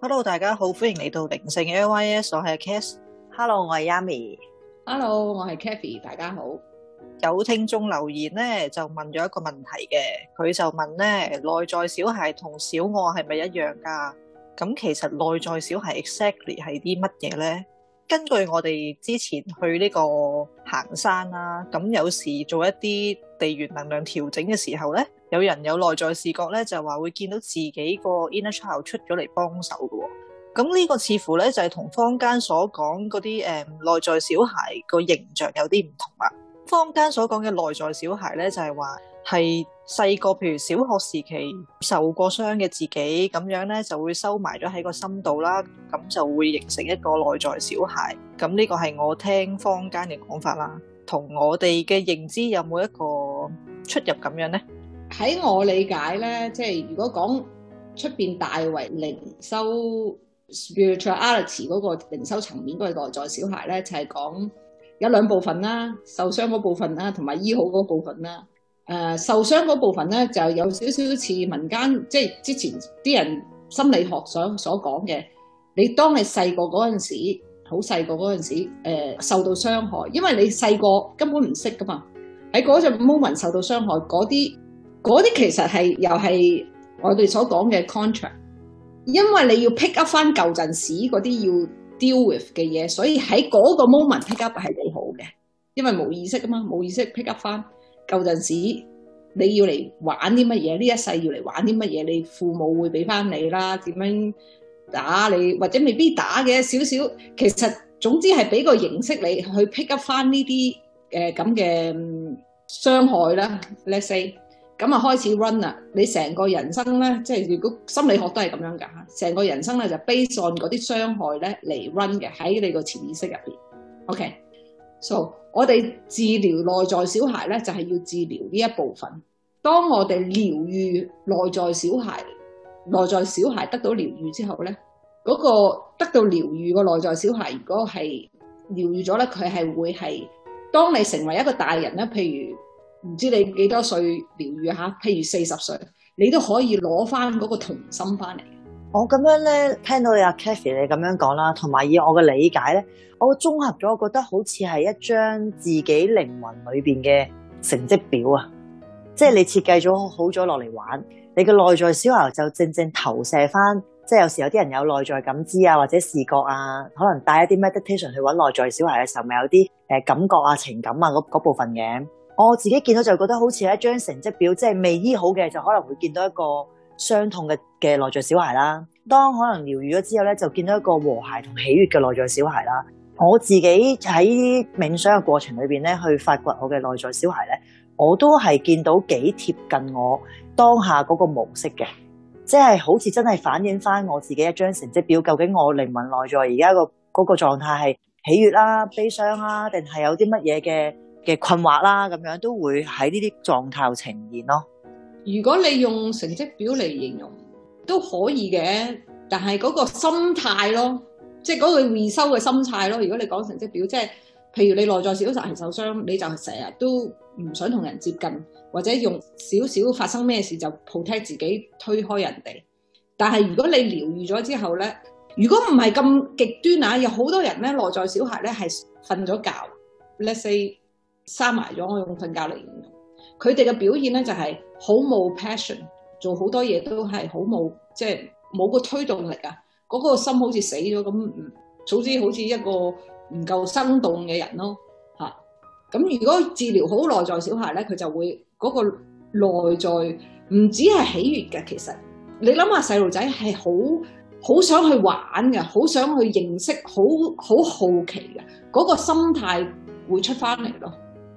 Hello，大家好，歡迎嚟到靈性 LYS 我係 Kes，Hello，s 我係 Yami，Hello，我係 Kathy，大家好。有聽眾留言咧，就問咗一個問題嘅，佢就問咧，內在小孩同小我係咪一樣噶？咁其實內在小孩 exactly 係啲乜嘢咧？根據我哋之前去呢個行山啦、啊，咁有時做一啲地緣能量調整嘅時候咧。有人有內在視覺咧，就話會見到自己個 inner child 出咗嚟幫手嘅。咁呢個似乎咧就係同坊間所講嗰啲誒內在小孩個形象有啲唔同啦。坊間所講嘅內在小孩咧就係話係細個，譬如小學時期受過傷嘅自己咁樣咧，就會收埋咗喺個心度啦，咁就會形成一個內在小孩。咁呢個係我聽坊間嘅講法啦，同我哋嘅認知有冇一個出入咁樣咧？喺我理解咧，即係如果講出邊大為靈修 spirituality 嗰個靈修層面，都嗰個內在小孩咧就係、是、講有兩部分啦，受傷嗰部分啦，同埋醫好嗰部分啦。誒、呃，受傷嗰部分咧就有少少似民間即係之前啲人心理學上所講嘅。你當你細個嗰陣時，好細個嗰陣時,候時候、呃，受到傷害，因為你細個根本唔識㗎嘛，喺嗰隻 moment 受到傷害嗰啲。嗰啲其實係又係我哋所講嘅 contract，因為你要 pick up 翻舊陣時嗰啲要 deal with 嘅嘢，所以喺嗰個 moment pick up 係幾好嘅，因為冇意識㗎嘛，冇意識 pick up 翻舊陣時你要嚟玩啲乜嘢？呢一世要嚟玩啲乜嘢？你父母會俾翻你啦，點樣打你或者未必打嘅少少。其實總之係俾個形式你去 pick up 翻呢啲誒咁嘅傷害啦。Let's say。咁啊，開始 run 啦！你成個人生咧，即係如果心理學都係咁樣㗎嚇，成個人生咧就 based on 嗰啲傷害咧嚟 run 嘅喺你個潛意識入邊。OK，so 我哋治療內在小孩咧，就係要治療呢一部分。當我哋療癒內在小孩，內在小孩得到療癒之後咧，嗰個得到療癒個內在小孩，如果係療癒咗咧，佢係會係當你成為一個大人咧，譬如。唔知你幾多歲療癒吓？譬如四十歲，你都可以攞翻嗰個童心翻嚟。我咁樣咧，聽到你阿 Cathy 你咁樣講啦，同埋以我嘅理解咧，我綜合咗，我覺得好似係一張自己靈魂裏邊嘅成績表啊。即係你設計咗好咗落嚟玩，你嘅內在小孩就正正投射翻。即係有時有啲人有內在感知啊，或者視覺啊，可能帶一啲 meditation 去揾內在小孩嘅時候，咪有啲誒、呃、感覺啊、情感啊嗰嗰部分嘅。我自己見到就覺得好似一張成績表，即係未醫好嘅就可能會見到一個傷痛嘅嘅內在小孩啦。當可能療癒咗之後咧，就見到一個和諧同喜悅嘅內在小孩啦。我自己喺冥想嘅過程裏邊咧，去發掘我嘅內在小孩咧，我都係見到幾貼近我當下嗰個模式嘅，即係好似真係反映翻我自己一張成績表，究竟我靈魂內在而家個嗰個狀態係喜悅啦、啊、悲傷啦、啊，定係有啲乜嘢嘅？嘅困惑啦，咁樣都會喺呢啲狀態呈現咯。如果你用成績表嚟形容都可以嘅，但係嗰個心態咯，即係嗰個回收嘅心態咯。如果你講成績表，即係譬如你內在小孩係受傷，你就成日都唔想同人接近，或者用少少發生咩事就 protect 自己推開人哋。但係如果你療愈咗之後咧，如果唔係咁極端啊，有好多人咧內在小孩咧係瞓咗覺 let's say。閂埋咗，我用瞓覺嚟形容佢哋嘅表現咧，就係、是、好冇 passion，做好多嘢都係好冇，即係冇個推動力啊！嗰、那個心好似死咗咁，早知好似一個唔夠生動嘅人咯嚇。咁、啊、如果治療好內在小孩咧，佢就會嗰、那個內在唔止係喜悅嘅。其實你諗下，細路仔係好好想去玩嘅，好想去認識，好好好奇嘅嗰、那個心態會出翻嚟咯。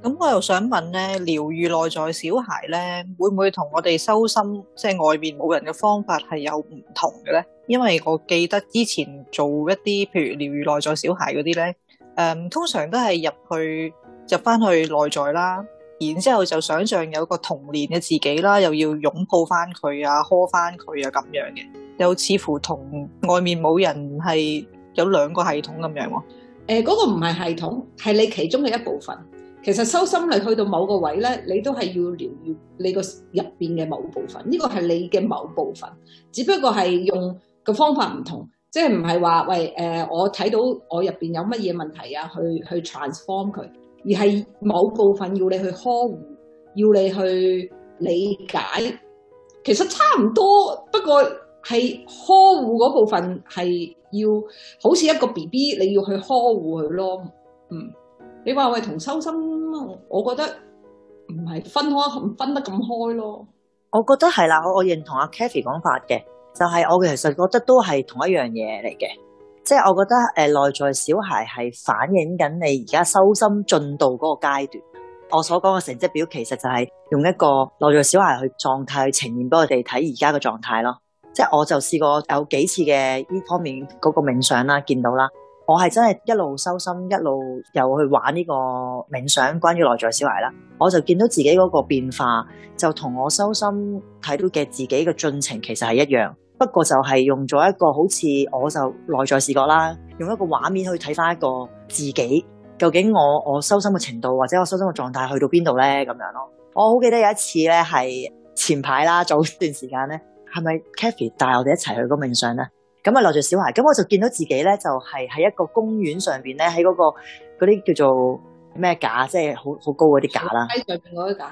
咁、嗯、我又想問咧，療癒內在小孩咧，會唔會同我哋修心即係、就是、外面冇人嘅方法係有唔同嘅咧？因為我記得之前做一啲譬如療癒內在小孩嗰啲咧，誒、嗯、通常都係入去入翻去內在啦，然之後就想像有個童年嘅自己啦，又要擁抱翻佢啊，呵翻佢啊咁樣嘅，又似乎同外面冇人係有兩個系統咁樣喎。誒嗰、呃那個唔係系統，係你其中嘅一部分。其實修心嚟去到某個位咧，你都係要療愈你個入邊嘅某部分，呢個係你嘅某部分，只不過係用個方法唔同，即係唔係話喂，誒、呃，我睇到我入邊有乜嘢問題啊，去去 transform 佢，而係某部分要你去呵護，要你去理解，其實差唔多，不過係呵護嗰部分係要好似一個 BB，你要去呵護佢咯，嗯。你話喂，同修心，我覺得唔係分開，唔分得咁開咯。我覺得係啦，我認同阿 Kathy 講法嘅，就係我其實覺得都係同一樣嘢嚟嘅。即係我覺得誒內在小孩係反映緊你而家修心進度嗰個階段。我所講嘅成績表其實就係用一個內在小孩去狀態去呈現俾我哋睇而家嘅狀態咯。即係我就試過有幾次嘅呢方面嗰個冥想啦，見到啦。我係真係一路修心，一路又去玩呢個冥想，關於內在小孩啦。我就見到自己嗰個變化，就同我修心睇到嘅自己嘅進程其實係一樣，不過就係用咗一個好似我就內在視覺啦，用一個畫面去睇翻一個自己，究竟我我修心嘅程度或者我修心嘅狀態去到邊度呢？咁樣咯。我好記得有一次呢係前排啦，早段時間呢，係咪 Kathy 帶我哋一齊去個冥想呢？咁啊，攞住小孩。咁我就見到自己咧，就係、是、喺一個公園上邊咧，喺嗰、那個嗰啲叫做咩架，即係好好高嗰啲架啦。喺上邊嗰啲架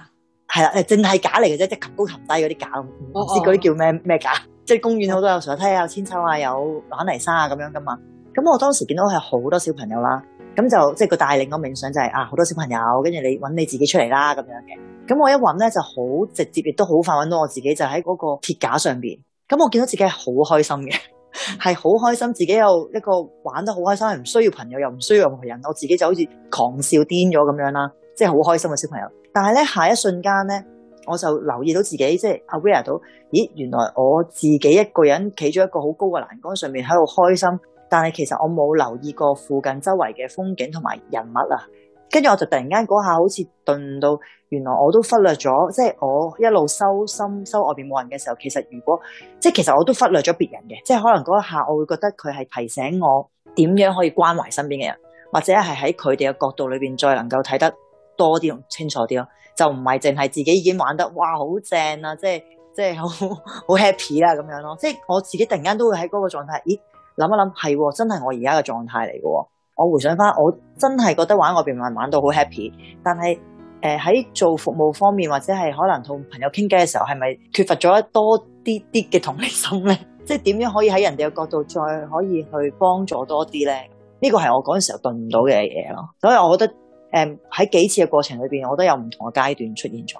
係啦，誒，淨係架嚟嘅啫，即係擒高擒低嗰啲架。唔知嗰啲叫咩咩架，即係公園好多有坐梯啊，有韆鞦啊，有玩泥沙啊咁樣㗎嘛。咁我當時見到係好多小朋友啦，咁就即係個帶領個冥想就係、是、啊，好多小朋友，跟住你揾你自己出嚟啦咁樣嘅。咁我一揾咧就好直接，亦都好快揾到我自己，就喺嗰個鐵架上邊。咁我見到自己係好開心嘅。係好開心，自己有一個玩得好開心，係唔需要朋友，又唔需要任何人，我自己就好似狂笑癲咗咁樣啦，即係好開心嘅小朋友。但係咧下一瞬間咧，我就留意到自己，即係 Aware 到，咦，原來我自己一個人企咗一個好高嘅欄杆上面喺度開心，但係其實我冇留意過附近周圍嘅風景同埋人物啊。跟住我就突然間嗰下好似頓到，原來我都忽略咗，即係我一路收心收外邊冇人嘅時候，其實如果即係其實我都忽略咗別人嘅，即係可能嗰一下我會覺得佢係提醒我點樣可以關懷身邊嘅人，或者係喺佢哋嘅角度裏邊再能夠睇得多啲同清楚啲咯，就唔係淨係自己已經玩得哇好正啦，即係即係好好 happy 啦咁樣咯，即係我自己突然間都會喺嗰個狀態，咦，諗一諗係真係我而家嘅狀態嚟嘅。我回想翻，我真係覺得玩外邊玩玩到好 happy，但係誒喺做服務方面或者係可能同朋友傾偈嘅時候，係咪缺乏咗多啲啲嘅同理心呢？ 即係點樣可以喺人哋嘅角度再可以去幫助多啲呢？呢個係我嗰陣時候頓唔到嘅嘢咯。所以我覺得誒喺、呃、幾次嘅過程裏邊，我都有唔同嘅階段出現咗。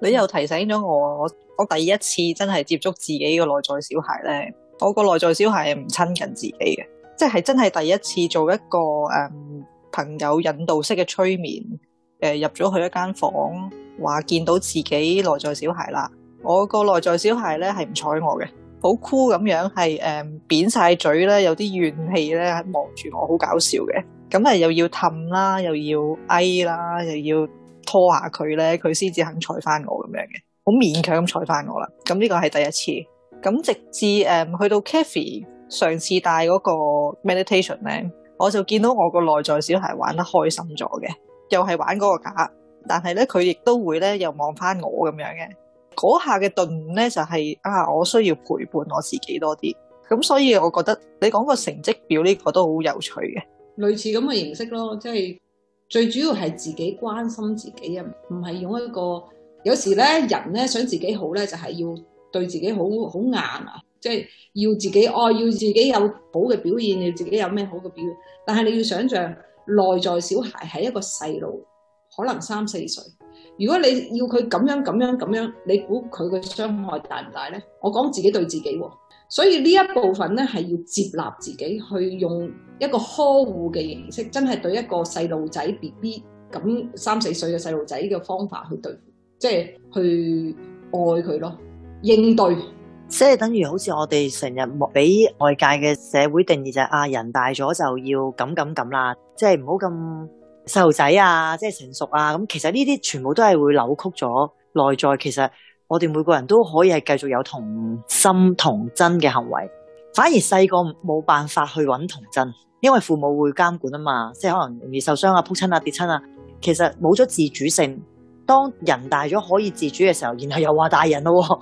你又提醒咗我，我我第一次真係接觸自己嘅內在小孩呢。我個內在小孩係唔親近自己嘅。即係真係第一次做一個誒、嗯、朋友引導式嘅催眠，誒入咗去一間房間，話見到自己內在小孩啦。我個內在小孩咧係唔睬我嘅，好酷咁樣，係誒、嗯、扁晒嘴咧，有啲怨氣咧望住我，好搞笑嘅。咁啊又要氹啦，又要哎啦，又要拖下佢咧，佢先至肯睬翻我咁樣嘅，好勉強咁睬翻我啦。咁呢個係第一次。咁、嗯、直至誒、嗯、去到 Kathy 上次帶嗰個 meditation 咧，我就見到我個內在小孩玩得開心咗嘅，又係玩嗰個架，但係咧佢亦都會咧又望翻我咁樣嘅，嗰下嘅頓悟咧就係、是、啊，我需要陪伴我自己多啲，咁所以我覺得你講個成績表呢個都好有趣嘅，類似咁嘅形式咯，即、就、係、是、最主要係自己關心自己啊，唔係用一個有時咧人咧想自己好咧就係、是、要對自己好好硬啊。即係要自己愛，要自己有好嘅表現，要自己有咩好嘅表現。但係你要想象，內在小孩係一個細路，可能三四歲。如果你要佢咁樣咁樣咁樣，你估佢嘅傷害大唔大咧？我講自己對自己喎、哦，所以呢一部分咧，係要接納自己，去用一個呵護嘅形式，真係對一個細路仔 B B 咁三四歲嘅細路仔嘅方法去對，即係去愛佢咯，應對。即係等於好似我哋成日莫俾外界嘅社會定義就係、是、啊人大咗就要咁咁咁啦，即係唔好咁細路仔啊，即係成熟啊咁、嗯。其實呢啲全部都係會扭曲咗內在。其實我哋每個人都可以係繼續有童心童真嘅行為，反而細個冇辦法去揾童真，因為父母會監管啊嘛。即係可能容易受傷啊、撲親啊、跌親啊。其實冇咗自主性，當人大咗可以自主嘅時候，然後又話大人咯、哦。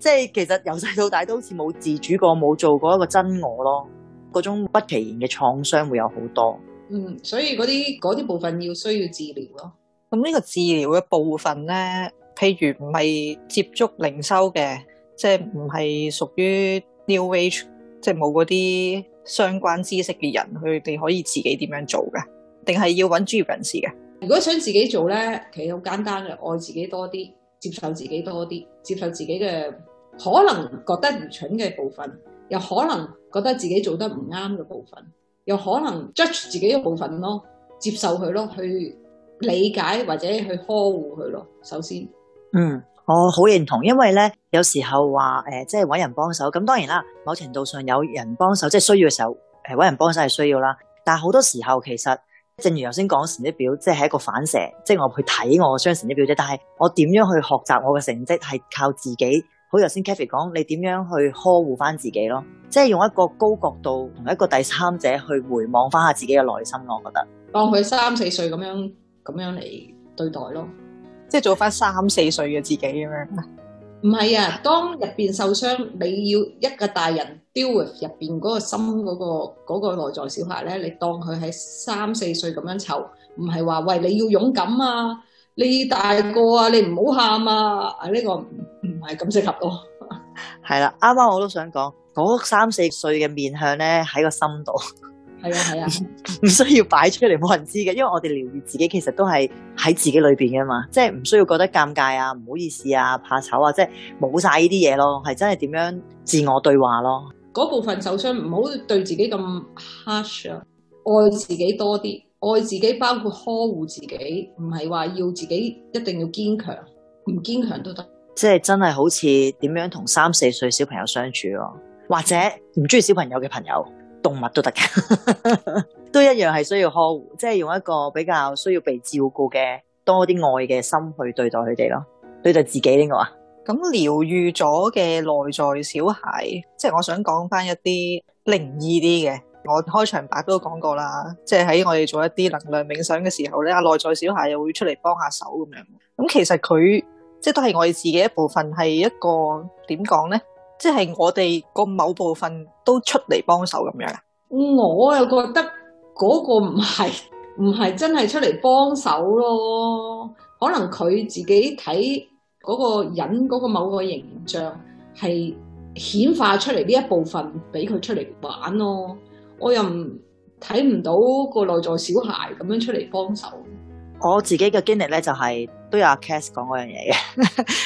即係其實由細到大都好似冇自主過，冇做過一個真我咯。嗰種不其然嘅創傷會有好多。嗯，所以嗰啲啲部分要需要治療咯。咁呢個治療嘅部分咧，譬如唔係接觸靈修嘅，即係唔係屬於 New Age，即係冇嗰啲相關知識嘅人，佢哋可以自己點樣做嘅？定係要揾專業人士嘅？如果想自己做咧，其實好簡單嘅，愛自己多啲，接受自己多啲，接受自己嘅。可能覺得愚蠢嘅部分，又可能覺得自己做得唔啱嘅部分，又可能 judge 自己嘅部分咯，接受佢咯，去理解或者去呵護佢咯。首先，嗯，我好認同，因為咧有時候話誒、呃，即係揾人幫手咁，當然啦，某程度上有人幫手，即係需要嘅時候誒揾人幫手係需要啦。但係好多時候其實正如頭先講成績表，即係係一個反射，即係我去睇我張成績表啫。但係我點樣去學習我嘅成績係靠自己。好，頭先 Cathy 講你點樣去呵護翻自己咯，即係用一個高角度同一個第三者去回望翻下自己嘅內心咯，我覺得。當佢三四歲咁樣咁樣嚟對待咯，即係做翻三四歲嘅自己咁樣啊？唔係啊，當入邊受傷，你要一個大人 deal with 入邊嗰個心嗰個嗰個內在小孩咧，你當佢喺三四歲咁樣湊，唔係話喂你要勇敢啊！你大個啊！你唔好喊啊！啊、呢、呢個唔唔係咁適合咯。係啦，啱啱我都想講，嗰三四歲嘅面向咧喺個心度。係啊係啊，唔 需要擺出嚟，冇人知嘅。因為我哋療癒自己，其實都係喺自己裏邊嘅嘛，即係唔需要覺得尷尬啊，唔好意思啊，怕醜啊，即係冇晒呢啲嘢咯。係真係點樣自我對話咯？嗰部分受傷，唔好對自己咁 hush，啊、愛自己多啲。愛自己，包括呵護自己，唔係話要自己一定要堅強，唔堅強都得。即係真係好似點樣同三四歲小朋友相處咯，啊，或者唔中意小朋友嘅朋友，動物都得嘅， 都一樣係需要呵護，即係用一個比較需要被照顧嘅多啲愛嘅心去對待佢哋咯。對待自己呢個啊。咁療愈咗嘅內在小孩，即係我想講返一啲靈異啲嘅。我開場白都講過啦，即係喺我哋做一啲能量冥想嘅時候咧，啊，內在小孩又會出嚟幫下手咁樣。咁其實佢即係都係我哋自己一部分，係一個點講咧，即係我哋個某部分都出嚟幫手咁樣。我又覺得嗰個唔係唔係真係出嚟幫手咯，可能佢自己睇嗰個人嗰個某個形象係顯化出嚟呢一部分俾佢出嚟玩咯。我又唔睇唔到個內在小孩咁樣出嚟幫手。我自己嘅經歷咧，就係、是、都有阿 Cass 講嗰樣嘢嘅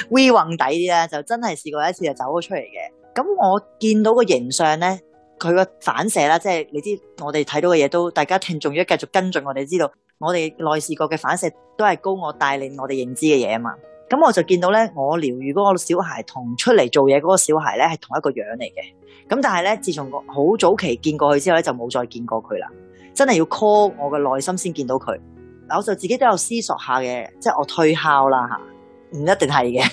，we 硬底啲咧，就真係試過一次就走咗出嚟嘅。咁我見到個形象咧，佢個反射啦，即係你知我哋睇到嘅嘢都，大家聽仲要繼續跟進，我哋知道我哋內視覺嘅反射都係高我帶領我哋認知嘅嘢啊嘛。咁我就見到咧，我療癒嗰個小孩同出嚟做嘢嗰個小孩咧係同一個樣嚟嘅。咁但係咧，自從好早期見過佢之後咧，就冇再見過佢啦。真係要 call 我嘅內心先見到佢。嗱，我就自己都有思索下嘅，即係我推敲啦吓，唔一定係嘅。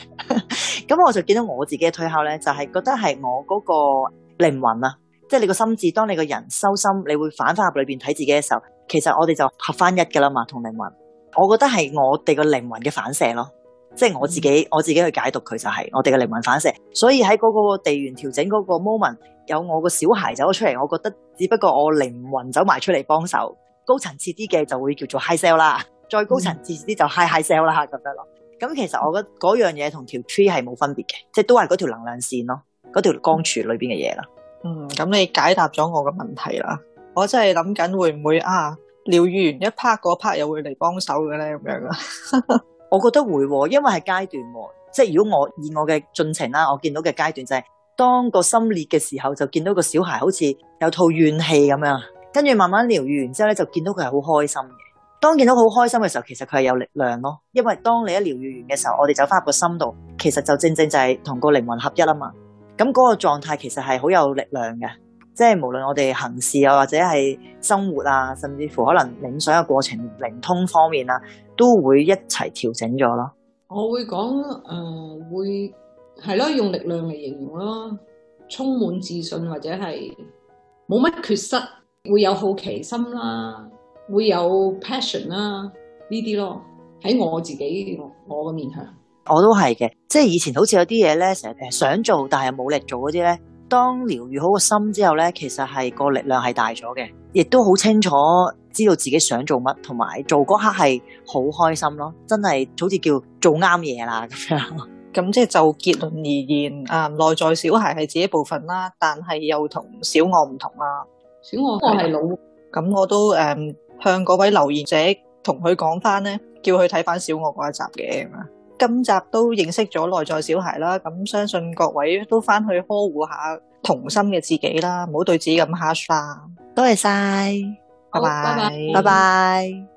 咁 我就見到我自己嘅推敲咧，就係、是、覺得係我嗰個靈魂啊，即係你個心智。當你個人收心，你會反翻入裏邊睇自己嘅時候，其實我哋就合翻一噶啦嘛，同靈魂。我覺得係我哋個靈魂嘅反射咯。即係我自己，嗯、我自己去解讀佢就係、是、我哋嘅靈魂反射，所以喺嗰個地緣調整嗰個 moment，有我個小孩走咗出嚟，我覺得只不過我靈魂走埋出嚟幫手，高層次啲嘅就會叫做 High Self 啦，再高層次啲就 High High Self 啦咁樣咯。咁其實我覺得嗰樣嘢同條 tree 係冇分別嘅，即係都係嗰條能量線咯，嗰條光柱裏邊嘅嘢啦。嗯，咁你解答咗我嘅問題啦，我真係諗緊會唔會啊，療愈完一 part 嗰 part 又會嚟幫手嘅咧咁樣啊？ 我覺得會，因為係階段，即係如果我以我嘅進程啦，我見到嘅階段就係當個心裂嘅時候，就見到個小孩好似有套怨氣咁樣，跟住慢慢療癒完之後咧就見到佢係好開心嘅。當見到好開心嘅時候，其實佢係有力量咯，因為當你一療癒完嘅時候，我哋走翻入個心度，其實就正正就係同個靈魂合一吖嘛。咁嗰個狀態其實係好有力量嘅。即係無論我哋行事啊，或者係生活啊，甚至乎可能冥想嘅過程、靈通方面啊，都會一齊調整咗咯。我會講誒、呃，會係咯，用力量嚟形容咯，充滿自信或者係冇乜缺失，會有好奇心啦，會有 passion 啦，呢啲咯喺我自己我嘅面向，我都係嘅。即係以前好似有啲嘢咧，成日想做但係冇力做嗰啲咧。當療癒好個心之後咧，其實係個力量係大咗嘅，亦都好清楚知道自己想做乜，同埋做嗰刻係好開心咯，真係好似叫做啱嘢啦咁樣。咁 即係就結論而言，誒、啊，內在小孩係自己部分啦，但係又同小我唔同啦、啊。小我我係老。咁我都誒、嗯、向嗰位留言者同佢講翻咧，叫佢睇翻小我嗰一集嘅 M 啊。嗯今集都認識咗內在小孩啦，咁、嗯、相信各位都返去呵護下童心嘅自己啦，唔好對自己咁 harsh 啦，多謝晒謝！好拜拜，拜拜。拜拜拜拜。